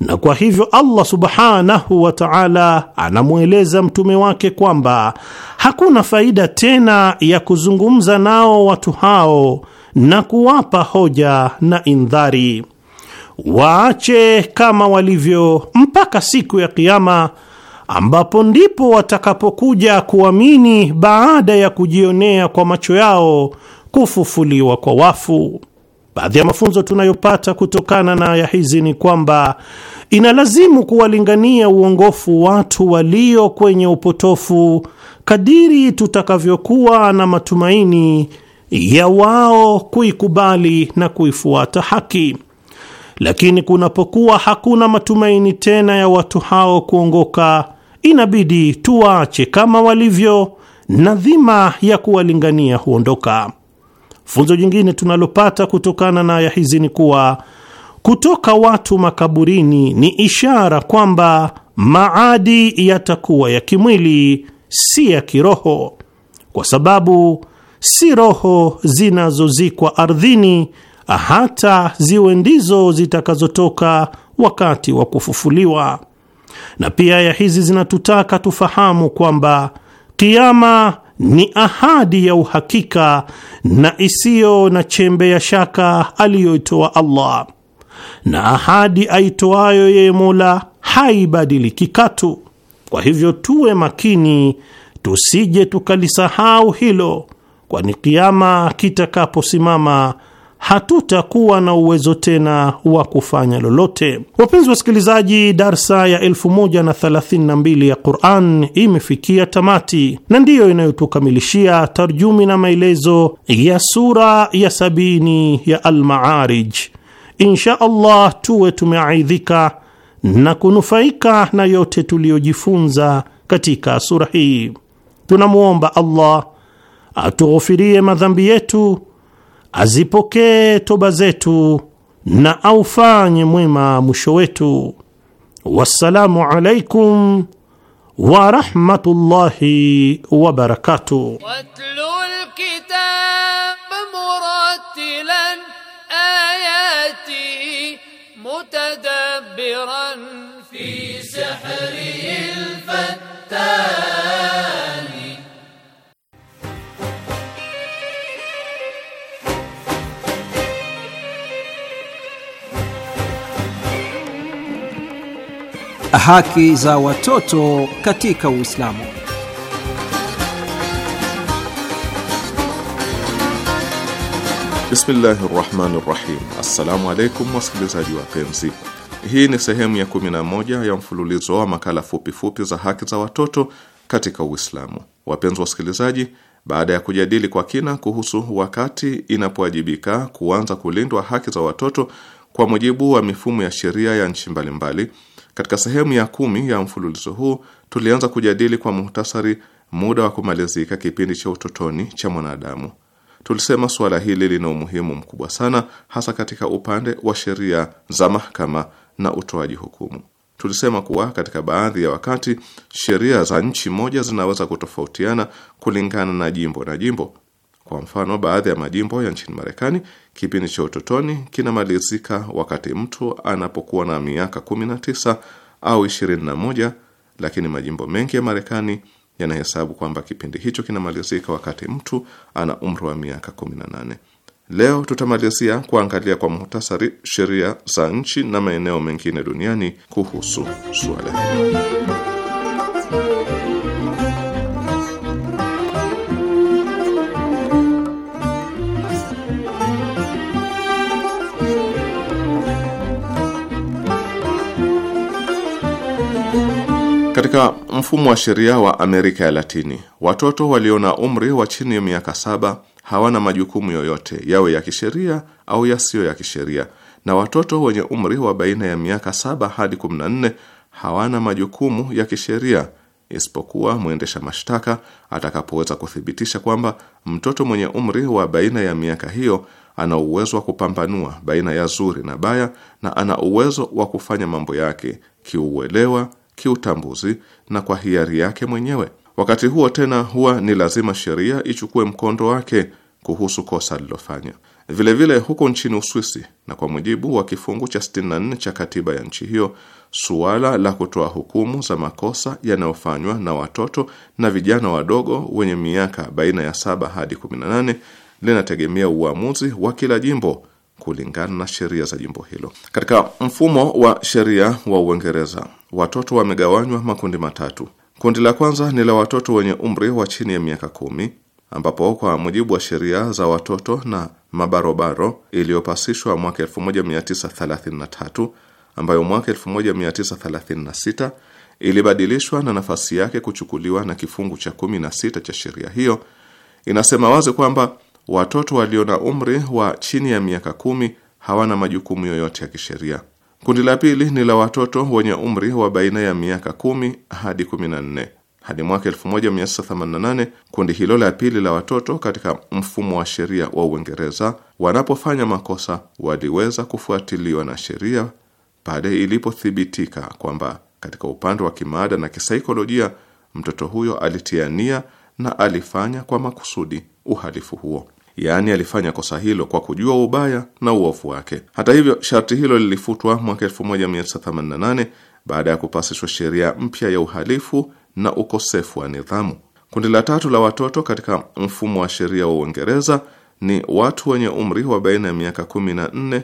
na kwa hivyo Allah subhanahu wa ta'ala anamweleza mtume wake kwamba hakuna faida tena ya kuzungumza nao watu hao na kuwapa hoja na indhari, waache kama walivyo mpaka siku ya Kiyama, ambapo ndipo watakapokuja kuamini baada ya kujionea kwa macho yao kufufuliwa kwa wafu. Baadhi ya mafunzo tunayopata kutokana na aya hizi ni kwamba inalazimu kuwalingania uongofu watu walio kwenye upotofu kadiri tutakavyokuwa na matumaini ya wao kuikubali na kuifuata haki. Lakini kunapokuwa hakuna matumaini tena ya watu hao kuongoka, inabidi tuwaache kama walivyo na dhima ya kuwalingania huondoka. Funzo jingine tunalopata kutokana na aya hizi ni kuwa kutoka watu makaburini ni ishara kwamba maadi yatakuwa ya kimwili, si ya kiroho, kwa sababu si roho zinazozikwa ardhini hata ziwe ndizo zitakazotoka wakati wa kufufuliwa. Na pia aya hizi zinatutaka tufahamu kwamba kiama ni ahadi ya uhakika na isiyo na chembe ya shaka aliyoitoa Allah, na ahadi aitoayo yeye Mola haibadiliki katu. Kwa hivyo tuwe makini tusije tukalisahau hilo, kwani kiama kitakaposimama hatutakuwa na uwezo tena wa kufanya lolote. Wapenzi wasikilizaji, darsa ya 1032 ya Quran imefikia tamati na ndiyo inayotukamilishia tarjumi na maelezo ya sura ya sabini ya almaarij Insha Allah tuwe tumeaidhika na kunufaika na yote tuliyojifunza katika sura hii. Tunamwomba Allah atughufirie madhambi yetu azipokee toba zetu na aufanye mwema mwisho wetu. Wassalamu alaikum wa rahmatullahi wa barakatuh. متدبرا في سحره الفتاح Haki za watoto katika Uislamu. Bismillahi rahmani rahim. Assalamu alaikum wasikilizaji wapenzi, hii ni sehemu ya 11 ya mfululizo wa makala fupifupi fupi za haki za watoto katika Uislamu. Wapenzi wasikilizaji, baada ya kujadili kwa kina kuhusu wakati inapowajibika kuanza kulindwa haki za watoto kwa mujibu wa mifumo ya sheria ya nchi mbalimbali mbali, katika sehemu ya kumi ya mfululizo huu tulianza kujadili kwa muhtasari muda wa kumalizika kipindi cha utotoni cha mwanadamu. Tulisema suala hili lina umuhimu mkubwa sana, hasa katika upande wa sheria za mahakama na utoaji hukumu. Tulisema kuwa katika baadhi ya wakati sheria za nchi moja zinaweza kutofautiana kulingana na jimbo na jimbo. Kwa mfano, baadhi ya majimbo ya nchini Marekani, kipindi cha utotoni kinamalizika wakati mtu anapokuwa na miaka 19 au 21, lakini majimbo mengi ya Marekani yanahesabu kwamba kipindi hicho kinamalizika wakati mtu ana umri wa miaka 18. Leo tutamalizia kuangalia kwa muhtasari sheria za nchi na maeneo mengine duniani kuhusu suala hili. Katika mfumo wa sheria wa Amerika ya Latini, watoto walio na umri wa chini ya miaka saba hawana majukumu yoyote yawe ya kisheria au yasiyo ya kisheria, na watoto wenye umri wa baina ya miaka saba hadi 14 hawana majukumu ya kisheria isipokuwa mwendesha mashtaka atakapoweza kuthibitisha kwamba mtoto mwenye umri wa baina ya miaka hiyo ana uwezo wa kupambanua baina ya zuri na baya na ana uwezo wa kufanya mambo yake kiuelewa kiutambuzi na kwa hiari yake mwenyewe. Wakati huo tena, huwa ni lazima sheria ichukue mkondo wake kuhusu kosa alilofanya. Vilevile huko nchini Uswisi, na kwa mujibu wa kifungu cha 64 cha katiba ya nchi hiyo, suala la kutoa hukumu za makosa yanayofanywa na watoto na vijana wadogo wenye miaka baina ya 7 hadi 18 linategemea uamuzi wa kila jimbo kulingana na sheria za jimbo hilo. Katika mfumo wa sheria wa Uingereza, watoto wamegawanywa makundi matatu. Kundi la kwanza ni la watoto wenye umri wa chini ya miaka kumi, ambapo kwa mujibu wa sheria za watoto na mabarobaro iliyopasishwa mwaka 1933 ambayo mwaka 1936 ilibadilishwa na nafasi yake kuchukuliwa na kifungu cha 16 cha sheria hiyo, inasema wazi kwamba watoto walio na umri wa chini ya miaka kumi hawana majukumu yoyote ya kisheria. Kundi la pili ni la watoto wenye umri wa baina ya miaka kumi hadi kumi na nne. Hadi mwaka 1988 kundi hilo la pili la watoto katika mfumo wa sheria wa Uingereza, wanapofanya makosa waliweza kufuatiliwa na sheria pale ilipothibitika kwamba katika upande wa kimaada na kisaikolojia mtoto huyo alitiania na alifanya kwa makusudi uhalifu huo yaani alifanya kosa hilo kwa kujua ubaya na uovu wake. Hata hivyo, sharti hilo lilifutwa mwaka 1988 baada ya kupasishwa sheria mpya ya uhalifu na ukosefu wa nidhamu. Kundi la tatu la watoto katika mfumo wa sheria wa Uingereza ni watu wenye umri wa baina ya miaka 14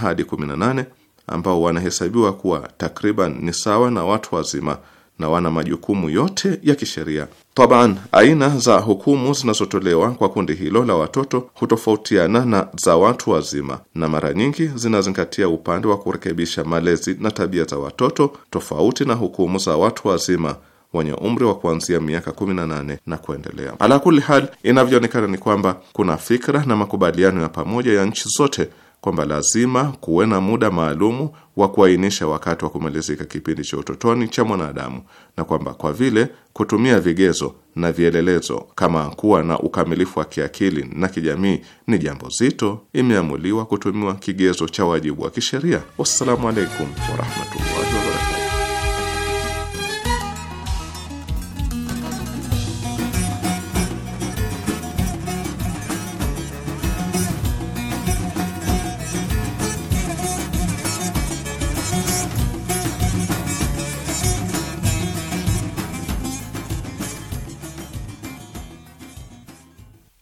hadi 18 ambao wanahesabiwa kuwa takriban ni sawa na watu wazima na wana majukumu yote ya kisheria. Taban, aina za hukumu zinazotolewa kwa kundi hilo la watoto hutofautiana na za watu wazima na mara nyingi zinazingatia upande wa kurekebisha malezi na tabia za watoto, tofauti na hukumu za watu wazima wenye umri wa kuanzia miaka 18 na kuendelea. Ala kuli hal, inavyoonekana ni kwamba kuna fikra na makubaliano ya pamoja ya nchi zote kwamba lazima kuwe na muda maalumu wa kuainisha wakati wa kumalizika kipindi cha utotoni cha mwanadamu, na kwamba kwa vile kutumia vigezo na vielelezo kama kuwa na ukamilifu wa kiakili na kijamii ni jambo zito, imeamuliwa kutumiwa kigezo cha wajibu wa kisheria. Wassalamu alaikum warahmatullahi wabarakatuh.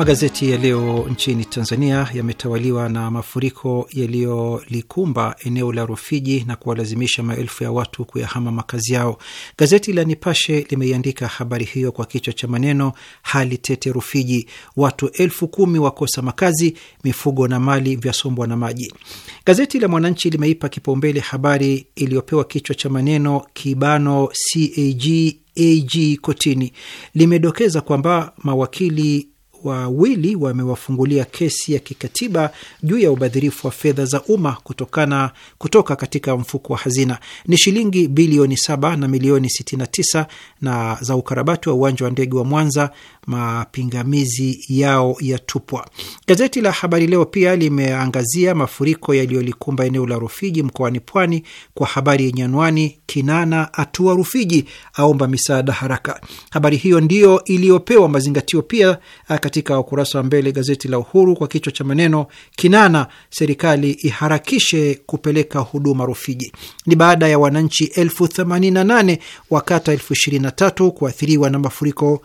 Magazeti ya leo nchini Tanzania yametawaliwa na mafuriko yaliyolikumba eneo la Rufiji na kuwalazimisha maelfu ya watu kuyahama makazi yao. Gazeti la Nipashe limeiandika habari hiyo kwa kichwa cha maneno, hali tete Rufiji, watu elfu kumi wakosa makazi, mifugo na mali vyasombwa na maji. Gazeti la Mwananchi limeipa kipaumbele habari iliyopewa kichwa cha maneno, kibano CAG AG kotini. Limedokeza kwamba mawakili wawili wamewafungulia kesi ya kikatiba juu ya ubadhirifu wa fedha za umma kutokana kutoka katika mfuko wa hazina ni shilingi bilioni 7 na milioni 69 na za ukarabati wa uwanja wa ndege wa Mwanza mapingamizi yao yatupwa. Gazeti la Habari Leo pia limeangazia mafuriko yaliyolikumba eneo la Rufiji mkoani Pwani kwa habari yenye anwani Kinana atua Rufiji, aomba misaada haraka. Habari hiyo ndiyo iliyopewa mazingatio pia uh, katika ukurasa wa mbele gazeti la Uhuru kwa kichwa cha maneno Kinana, serikali iharakishe kupeleka huduma Rufiji. Ni baada ya wananchi elfu themanini na nane wa kata elfu ishirini na tatu kuathiriwa na mafuriko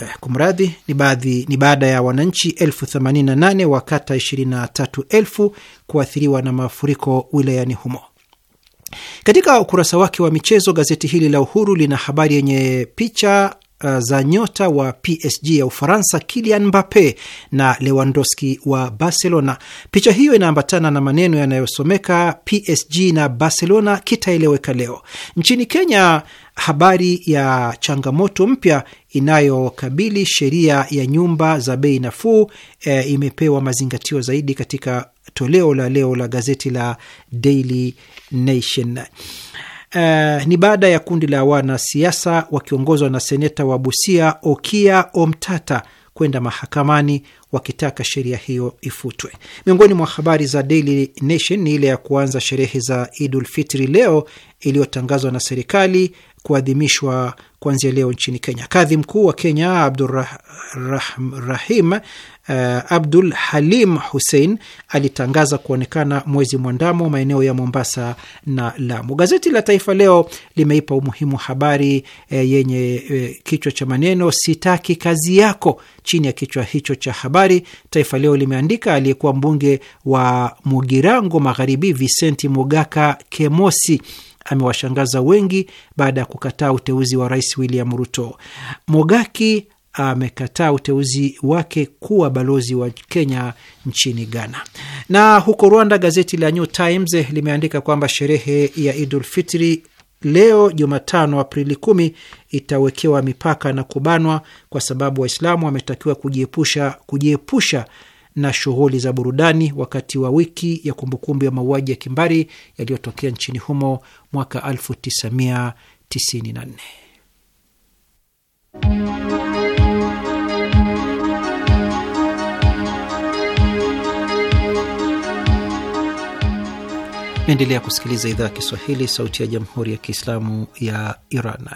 Eh, kumradhi, ni baadhi ni baada ya wananchi elfu themanini na nane wa kata ishirini na tatu elfu kuathiriwa na mafuriko wilayani humo. Katika ukurasa wake wa michezo, gazeti hili la Uhuru lina habari yenye picha uh, za nyota wa PSG ya Ufaransa Kylian Mbappe na Lewandowski wa Barcelona. Picha hiyo inaambatana na maneno yanayosomeka PSG na Barcelona kitaeleweka leo. Nchini Kenya habari ya changamoto mpya inayokabili sheria ya nyumba za bei nafuu e, imepewa mazingatio zaidi katika toleo la leo la gazeti la Daily Nation. Uh, ni baada ya kundi la wanasiasa wakiongozwa na seneta wa Busia Okia Omtata kwenda mahakamani wakitaka sheria hiyo ifutwe. Miongoni mwa habari za Daily Nation ni ile ya kuanza sherehe za Idul Fitri leo iliyotangazwa na serikali kuadhimishwa kuanzia leo nchini Kenya. Kadhi mkuu wa Kenya Abdurrahim Uh, Abdul Halim Hussein alitangaza kuonekana mwezi mwandamo maeneo ya Mombasa na Lamu. Gazeti la Taifa Leo limeipa umuhimu habari eh, yenye eh, kichwa cha maneno sitaki kazi yako. Chini ya kichwa hicho cha habari, Taifa Leo limeandika aliyekuwa mbunge wa Mugirango Magharibi Vicenti Mugaka Kemosi amewashangaza wengi baada ya kukataa uteuzi wa Rais William Ruto. Mogaki amekataa uteuzi wake kuwa balozi wa Kenya nchini Ghana. Na huko Rwanda, gazeti la New Times limeandika kwamba sherehe ya Idul Fitri leo Jumatano Aprili kumi itawekewa mipaka na kubanwa kwa sababu Waislamu wametakiwa kujiepusha kujiepusha na shughuli za burudani wakati wa wiki ya kumbukumbu ya mauaji ya kimbari yaliyotokea nchini humo mwaka 1994. Naendelea kusikiliza idhaa ya Kiswahili, sauti ya jamhuri ya kiislamu ya Iran.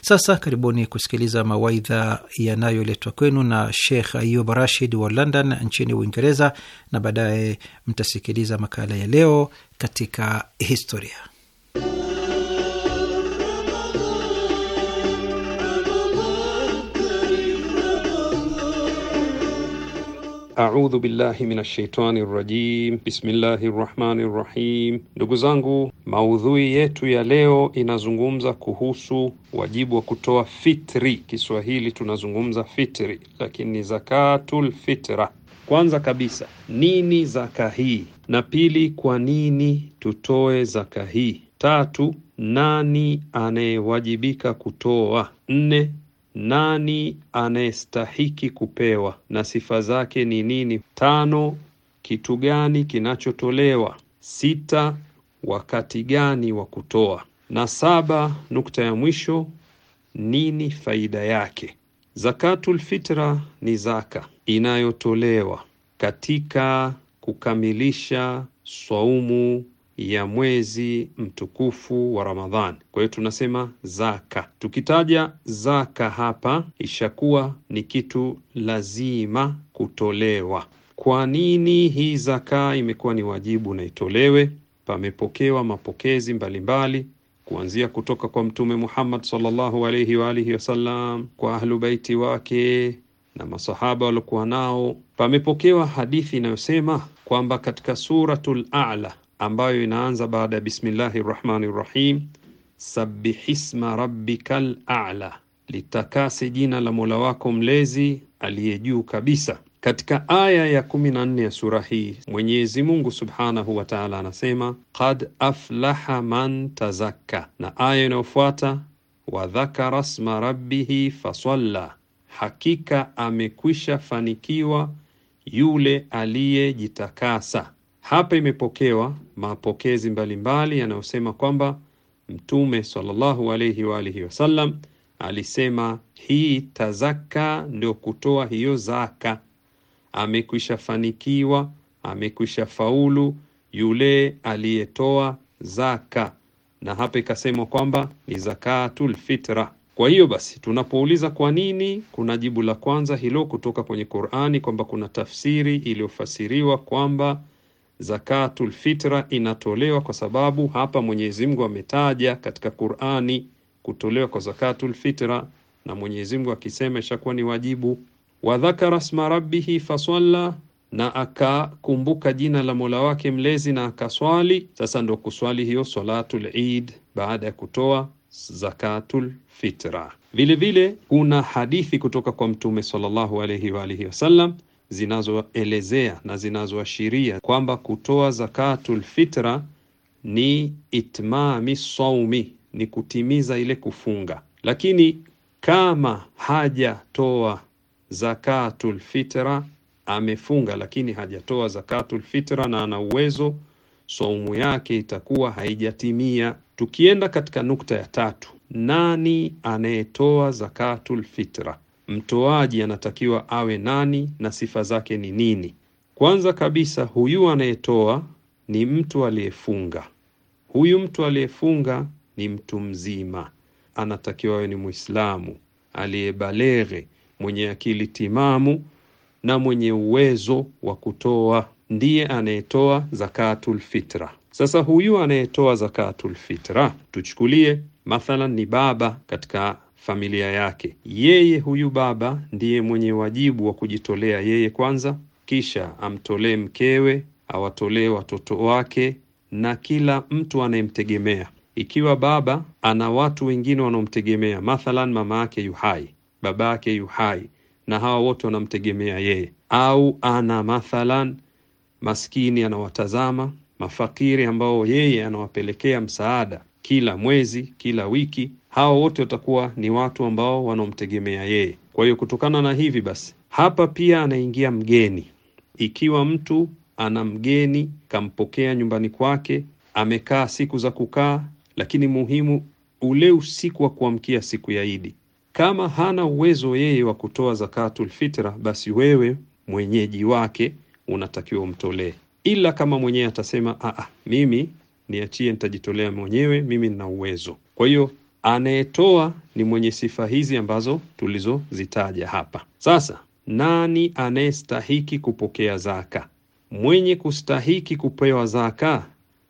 Sasa karibuni kusikiliza mawaidha yanayoletwa kwenu na Sheikh Ayub Rashid wa London nchini Uingereza, na baadaye mtasikiliza makala ya leo katika historia. Audhu billahi min ashaitani rajim. Bismillahi rahmani rahim. Ndugu zangu, maudhui yetu ya leo inazungumza kuhusu wajibu wa kutoa fitri. Kiswahili tunazungumza fitri, lakini ni zakatul fitra. Kwanza kabisa, nini zaka hii? Na pili, kwa nini tutoe zaka hii? Tatu, nani anayewajibika kutoa? Nne, nani anayestahiki kupewa na sifa zake ni nini? Tano, kitu gani kinachotolewa? Sita, wakati gani wa kutoa? Na saba, nukta ya mwisho, nini faida yake? Zakatul fitra ni zaka inayotolewa katika kukamilisha swaumu ya mwezi mtukufu wa Ramadhani. Kwa hiyo tunasema zaka. Tukitaja zaka hapa, ishakuwa ni kitu lazima kutolewa. Kwa nini hii zaka imekuwa ni wajibu na itolewe? Pamepokewa mapokezi mbalimbali mbali, kuanzia kutoka kwa Mtume Muhammad sallallahu alaihi wa alihi wasallam, kwa ahlu baiti wake na masahaba waliokuwa nao. Pamepokewa hadithi inayosema kwamba katika Suratul A'la ambayo inaanza baada ya bismillahi rahmani rahim, sabihisma rabbikal a'la, litakase jina la mola wako mlezi aliye juu kabisa. Katika aya ya kumi na nne ya sura hii Mwenyezi Mungu subhanahu wa taala anasema qad aflaha man tazakka, na aya inayofuata wadhakara sma rabbihi fasalla, hakika amekwisha fanikiwa yule aliyejitakasa. Hapa imepokewa mapokezi mbalimbali yanayosema kwamba Mtume sallallahu alayhi wa alihi wasallam alisema hii tazaka ndio kutoa hiyo zaka. Amekwisha fanikiwa, amekwisha faulu yule aliyetoa zaka, na hapa ikasemwa kwamba ni zakatul fitra. Kwa hiyo basi, tunapouliza kwa nini, kuna jibu la kwanza hilo kutoka kwenye Qur'ani kwamba kuna tafsiri iliyofasiriwa kwamba zakatul fitra inatolewa kwa sababu hapa Mwenyezi Mungu ametaja katika Qur'ani kutolewa kwa zakatul fitra, na Mwenyezi Mungu akisema ishakuwa ni wajibu. Wa dhakara sma rabbihi fasalla, na akakumbuka jina la Mola wake mlezi na akaswali. Sasa ndo kuswali hiyo salatul Eid baada ya kutoa zakatul fitra. Vilevile kuna hadithi kutoka kwa Mtume sallallahu alayhi wa alihi wasallam zinazoelezea na zinazoashiria kwamba kutoa zakatul fitra ni itmami saumi, ni kutimiza ile kufunga. Lakini kama hajatoa zakatul fitra, amefunga lakini hajatoa zakatul fitra na ana uwezo, saumu yake itakuwa haijatimia. Tukienda katika nukta ya tatu, nani anayetoa zakatul fitra? mtoaji anatakiwa awe nani na sifa zake ni nini? Kwanza kabisa, huyu anayetoa ni mtu aliyefunga. Huyu mtu aliyefunga ni mtu mzima, anatakiwa awe ni Muislamu aliyebalere mwenye akili timamu na mwenye uwezo wa kutoa, ndiye anayetoa zakatul fitra. Sasa huyu anayetoa zakatul fitra, tuchukulie mathalan ni baba katika familia yake. Yeye huyu baba ndiye mwenye wajibu wa kujitolea yeye kwanza, kisha amtolee mkewe, awatolee watoto wake na kila mtu anayemtegemea. Ikiwa baba ana watu wengine wanaomtegemea, mathalan mama yake yuhai, baba yake yuhai, na hawa wote wanamtegemea yeye, au ana mathalan maskini anawatazama, mafakiri ambao yeye anawapelekea msaada kila mwezi, kila wiki. Hao wote watakuwa ni watu ambao wanaomtegemea yeye. Kwa hiyo kutokana na hivi basi, hapa pia anaingia mgeni. Ikiwa mtu ana mgeni, kampokea nyumbani kwake, amekaa siku za kukaa, lakini muhimu ule usiku wa kuamkia siku ya Idi. Kama hana uwezo yeye wa kutoa zakatul fitra, basi wewe mwenyeji wake unatakiwa umtolee, ila kama mwenyewe atasema a, mimi niachie, nitajitolea mwenyewe, mimi nina uwezo. Kwa hiyo anayetoa ni mwenye sifa hizi ambazo tulizozitaja hapa. Sasa nani anayestahiki kupokea zaka? Mwenye kustahiki kupewa zaka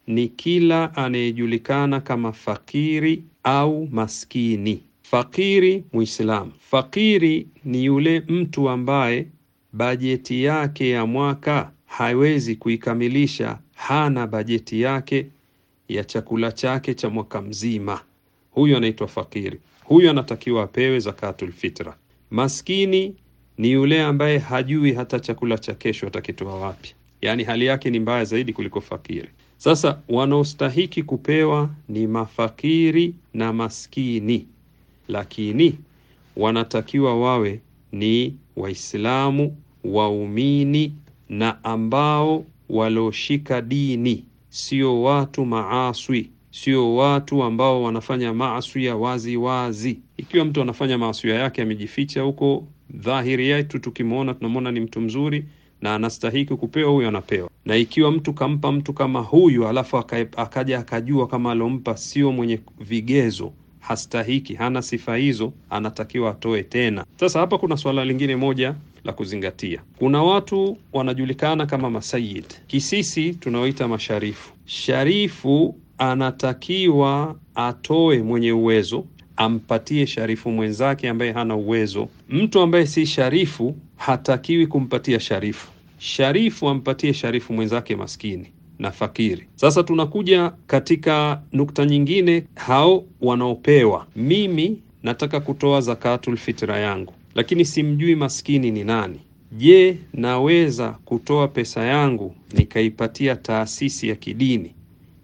ni kila anayejulikana kama fakiri au maskini. Fakiri Muislamu, fakiri ni yule mtu ambaye bajeti yake ya mwaka haiwezi kuikamilisha, hana bajeti yake ya chakula chake cha mwaka mzima. Huyu anaitwa fakiri, huyu anatakiwa apewe zakatul fitra. Maskini ni yule ambaye hajui hata chakula cha kesho atakitoa wapi, yaani hali yake ni mbaya zaidi kuliko fakiri. Sasa wanaostahiki kupewa ni mafakiri na maskini, lakini wanatakiwa wawe ni Waislamu, waumini na ambao walioshika dini sio watu maaswi, sio watu ambao wanafanya maaswi ya wazi wazi. Ikiwa mtu anafanya maaswi yake amejificha huko, dhahiri yetu tukimwona tunamwona ni mtu mzuri na anastahiki kupewa, huyo anapewa. Na ikiwa mtu kampa mtu kama huyu, alafu akaja akajua kama alompa sio mwenye vigezo hastahiki, hana sifa hizo, anatakiwa atoe tena. Sasa hapa kuna swala lingine moja la kuzingatia. Kuna watu wanajulikana kama masayid, kisisi tunawaita masharifu. Sharifu anatakiwa atoe mwenye uwezo ampatie sharifu mwenzake ambaye hana uwezo. Mtu ambaye si sharifu hatakiwi kumpatia sharifu. Sharifu ampatie sharifu mwenzake maskini na fakiri. Sasa tunakuja katika nukta nyingine, hao wanaopewa. Mimi nataka kutoa zakatul fitra yangu lakini simjui maskini ni nani. Je, naweza kutoa pesa yangu nikaipatia taasisi ya kidini,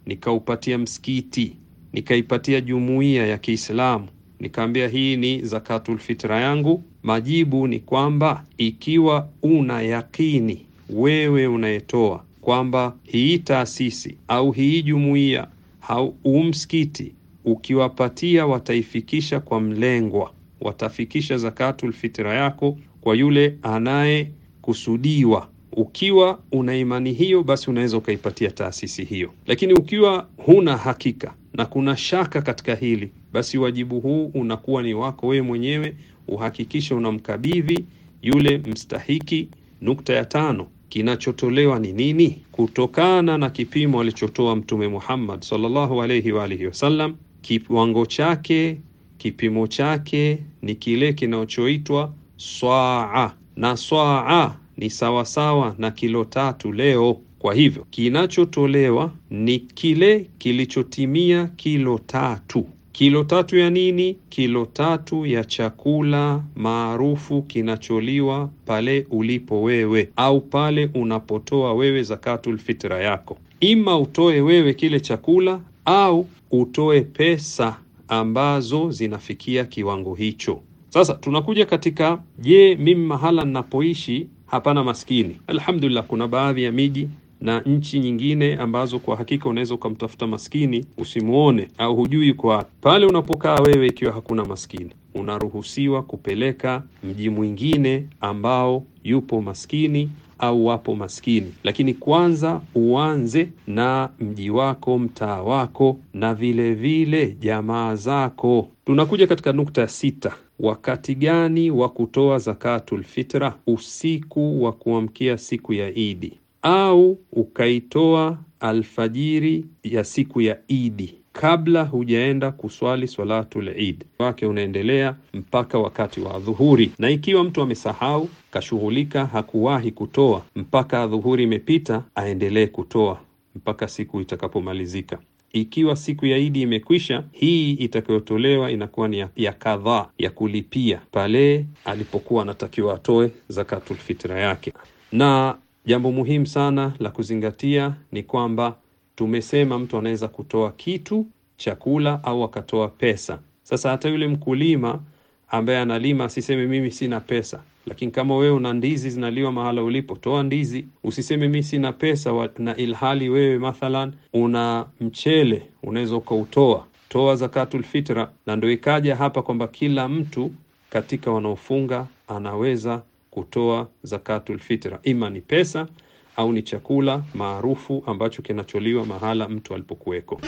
nikaupatia msikiti, nikaipatia jumuiya ya Kiislamu, nikaambia hii ni zakatul fitra yangu? Majibu ni kwamba ikiwa una yakini wewe unayetoa kwamba hii taasisi au hii jumuiya au umskiti ukiwapatia wataifikisha kwa mlengwa watafikisha zakatul fitra yako kwa yule anayekusudiwa. Ukiwa una imani hiyo, basi unaweza ukaipatia taasisi hiyo, lakini ukiwa huna hakika na kuna shaka katika hili, basi wajibu huu unakuwa ni wako wewe mwenyewe, uhakikishe unamkabidhi yule mstahiki. Nukta ya tano, kinachotolewa ni nini? Kutokana na kipimo alichotoa Mtume Muhammad sallallahu alayhi wa alihi wasallam, kiwango chake kipimo chake ni kile kinachoitwa swaa, na swaa ni sawasawa na kilo tatu leo. Kwa hivyo kinachotolewa ni kile kilichotimia kilo tatu. Kilo tatu ya nini? Kilo tatu ya chakula maarufu kinacholiwa pale ulipo wewe, au pale unapotoa wewe zakatul fitra yako. Ima utoe wewe kile chakula, au utoe pesa ambazo zinafikia kiwango hicho. Sasa tunakuja katika, je, mimi mahala ninapoishi hapana maskini? Alhamdulillah, kuna baadhi ya miji na nchi nyingine ambazo kwa hakika unaweza ukamtafuta maskini usimuone au hujui kwa Pale unapokaa wewe, ikiwa hakuna maskini, unaruhusiwa kupeleka mji mwingine ambao yupo maskini au wapo maskini, lakini kwanza uanze na mji wako, mtaa wako na vile vile jamaa zako. Tunakuja katika nukta ya sita. Wakati gani wa kutoa zakatul fitra? Usiku wa kuamkia siku ya Idi, au ukaitoa alfajiri ya siku ya Idi kabla hujaenda kuswali swalatul Eid wake unaendelea mpaka wakati wa dhuhuri, na ikiwa mtu amesahau kashughulika, hakuwahi kutoa mpaka dhuhuri imepita, aendelee kutoa mpaka siku itakapomalizika. Ikiwa siku ya Idi imekwisha, hii itakayotolewa inakuwa ni ya kadhaa ya kulipia pale alipokuwa anatakiwa atoe zakatulfitra yake. Na jambo muhimu sana la kuzingatia ni kwamba Tumesema mtu anaweza kutoa kitu, chakula au akatoa pesa. Sasa hata yule mkulima ambaye analima asiseme mimi sina pesa, lakini kama wewe una ndizi zinaliwa mahala ulipo, toa ndizi. Usiseme mimi sina pesa wa, na ilhali wewe mathalan una mchele unaweza ukautoa. Toa zakatul fitra. Na ndio ikaja hapa kwamba kila mtu katika wanaofunga anaweza kutoa zakatul fitra, ima ni pesa au ni chakula maarufu ambacho kinacholiwa mahala mtu alipokuweko.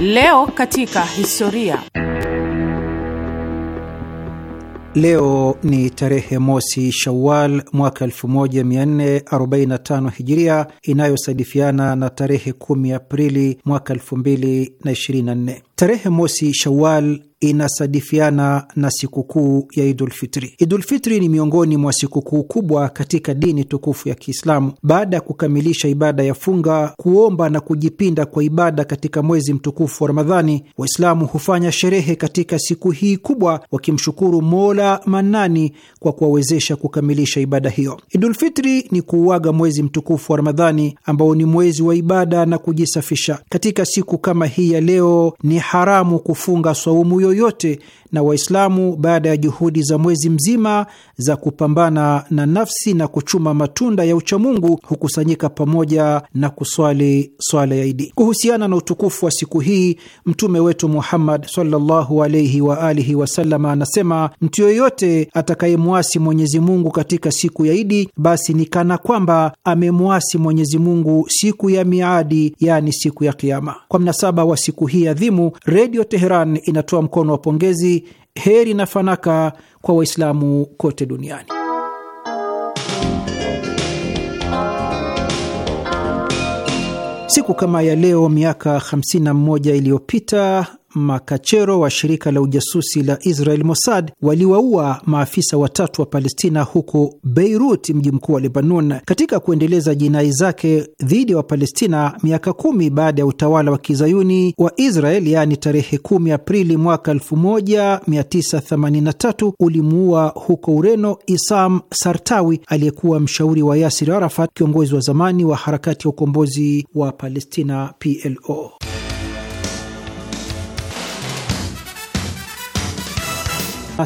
Leo katika historia. Leo ni tarehe mosi Shawal mwaka 1445 Hijiria, inayosadifiana na tarehe 10 Aprili mwaka 2024. Tarehe mosi Shawal inasadifiana na sikukuu ya Idulfitri. Idulfitri ni miongoni mwa sikukuu kubwa katika dini tukufu ya Kiislamu. Baada ya kukamilisha ibada ya funga, kuomba na kujipinda kwa ibada katika mwezi mtukufu wa Ramadhani, Waislamu hufanya sherehe katika siku hii kubwa, wakimshukuru Mola Manani kwa kuwawezesha kukamilisha ibada hiyo. Idulfitri ni kuuaga mwezi mtukufu wa Ramadhani ambao ni mwezi wa ibada na kujisafisha. Katika siku kama hii ya leo, ni haramu kufunga saumu yoyote na Waislamu baada ya juhudi za mwezi mzima za kupambana na nafsi na kuchuma matunda ya uchamungu hukusanyika pamoja na kuswali swala ya Idi. Kuhusiana na utukufu wa siku hii, mtume wetu Muhammad sallallahu alaihi wa alihi anasema, mtu yoyote atakayemwasi Mwenyezi Mungu katika siku ya Idi, basi ni kana kwamba amemwasi Mwenyezi Mungu siku ya miadi, yani siku ya Kiama. Kwa mnasaba wa siku hii adhimu, Redio Teheran inatoa mkono wa pongezi heri na fanaka kwa Waislamu kote duniani. Siku kama ya leo miaka 51 iliyopita makachero wa shirika la ujasusi la Israel Mossad waliwaua maafisa watatu wa Palestina huko Beirut, mji mkuu wa Lebanon, katika kuendeleza jinai zake dhidi ya wa Wapalestina miaka kumi baada ya utawala wa kizayuni wa Israel, yaani tarehe 10 Aprili mwaka 1983 ulimuua huko Ureno Isam Sartawi aliyekuwa mshauri wa Yasir Arafat, kiongozi wa zamani wa harakati ya ukombozi wa Palestina PLO.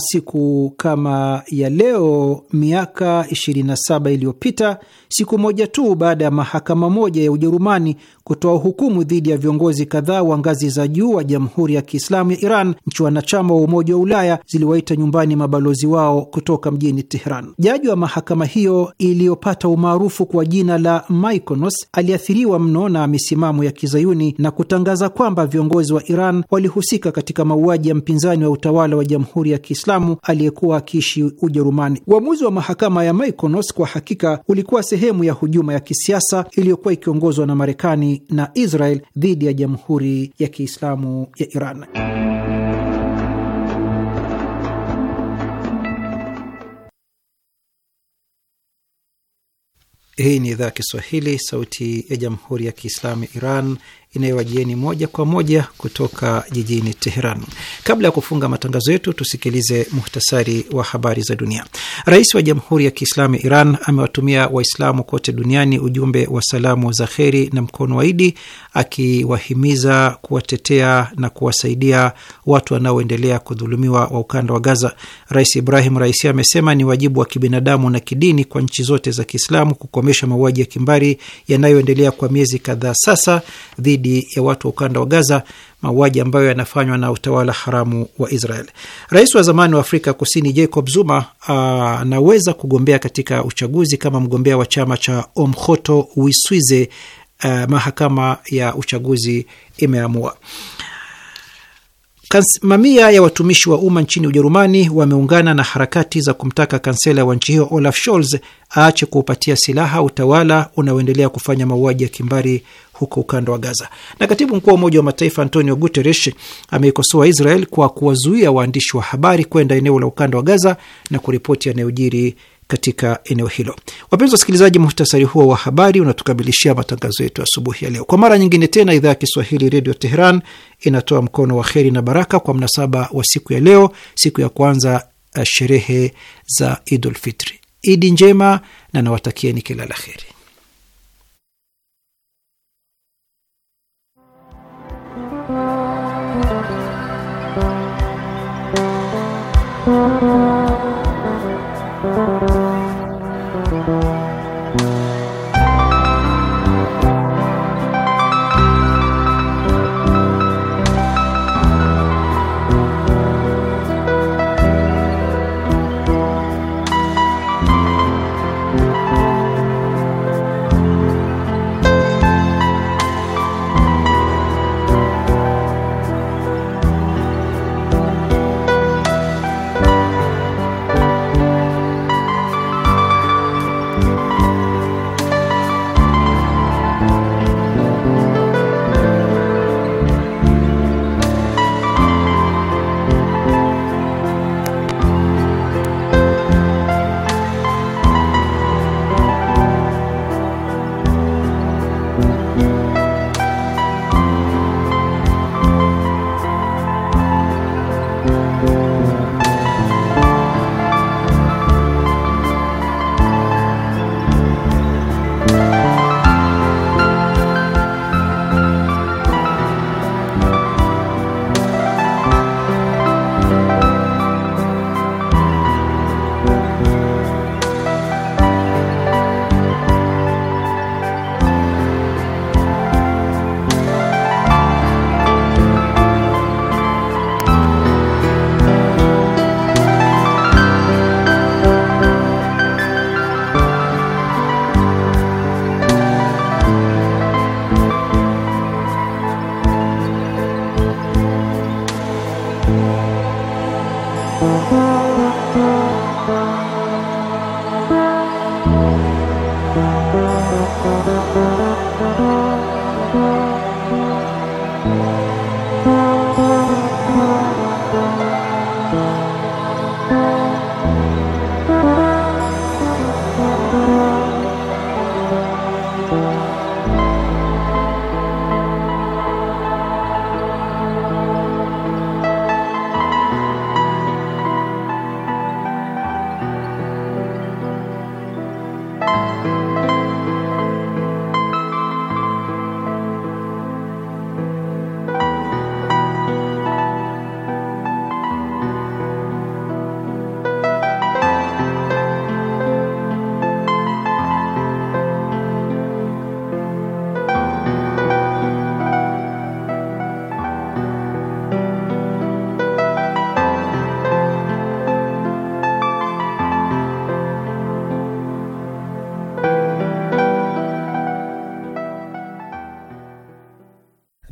siku kama ya leo miaka 27 iliyopita, siku moja tu baada ya mahakama moja ya Ujerumani kutoa hukumu dhidi ya viongozi kadhaa wa ngazi za juu wa Jamhuri ya Kiislamu ya Iran, nchi wanachama wa Umoja wa Ulaya ziliwaita nyumbani mabalozi wao kutoka mjini Tehran. Jaji wa mahakama hiyo iliyopata umaarufu kwa jina la Mykonos aliathiriwa mno na misimamo ya kizayuni na kutangaza kwamba viongozi wa Iran walihusika katika mauaji ya mpinzani wa utawala wa Jamhuri ya Kiislamu Kiislamu aliyekuwa akiishi Ujerumani. Uamuzi wa mahakama ya Mykonos kwa hakika ulikuwa sehemu ya hujuma ya kisiasa iliyokuwa ikiongozwa na Marekani na Israel dhidi ya Jamhuri ya Kiislamu ya Iran. Hii ni idhaa ya Kiswahili, sauti ya Jamhuri ya Kiislamu ya Iran inayowajieni moja kwa moja kutoka jijini Teheran. Kabla ya kufunga matangazo yetu, tusikilize muhtasari wa habari za dunia. Rais wa Jamhuri ya Kiislamu Iran amewatumia Waislamu kote duniani ujumbe wa salamu za kheri na mkono wa Idi, akiwahimiza kuwatetea na kuwasaidia watu wanaoendelea kudhulumiwa wa ukanda wa Gaza. Rais Ibrahim Raisi amesema ni wajibu wa kibinadamu na kidini kwa nchi zote za Kiislamu kukomesha mauaji ya kimbari yanayoendelea kwa miezi kadhaa sasa dhidi dhidi ya watu wa ukanda wa Gaza, mauaji ambayo yanafanywa na utawala haramu wa Israel. Rais wa zamani wa Afrika Kusini Jacob Zuma anaweza kugombea katika uchaguzi kama mgombea wa chama cha Omkhoto Wisizwe, eh, mahakama ya uchaguzi imeamua. Mamia ya watumishi wa umma nchini Ujerumani wameungana na harakati za kumtaka kansela wa nchi hiyo Olaf Scholz aache kuupatia silaha utawala unaoendelea kufanya mauaji ya kimbari huko ukanda wa Gaza. Na katibu mkuu wa Umoja wa Mataifa Antonio Guterres ameikosoa Israel kwa kuwazuia waandishi wa habari kwenda eneo la ukanda wa Gaza na kuripoti yanayojiri katika eneo hilo. Wapenzi wasikilizaji, muhtasari huo wa habari unatukamilishia matangazo yetu asubuhi ya leo. Kwa mara nyingine tena, idhaa ya Kiswahili Redio Teheran inatoa mkono wa kheri na baraka kwa mnasaba wa siku ya leo, siku ya kwanza eh, sherehe za Idul Fitri. Idi njema na nawatakieni kila la kheri.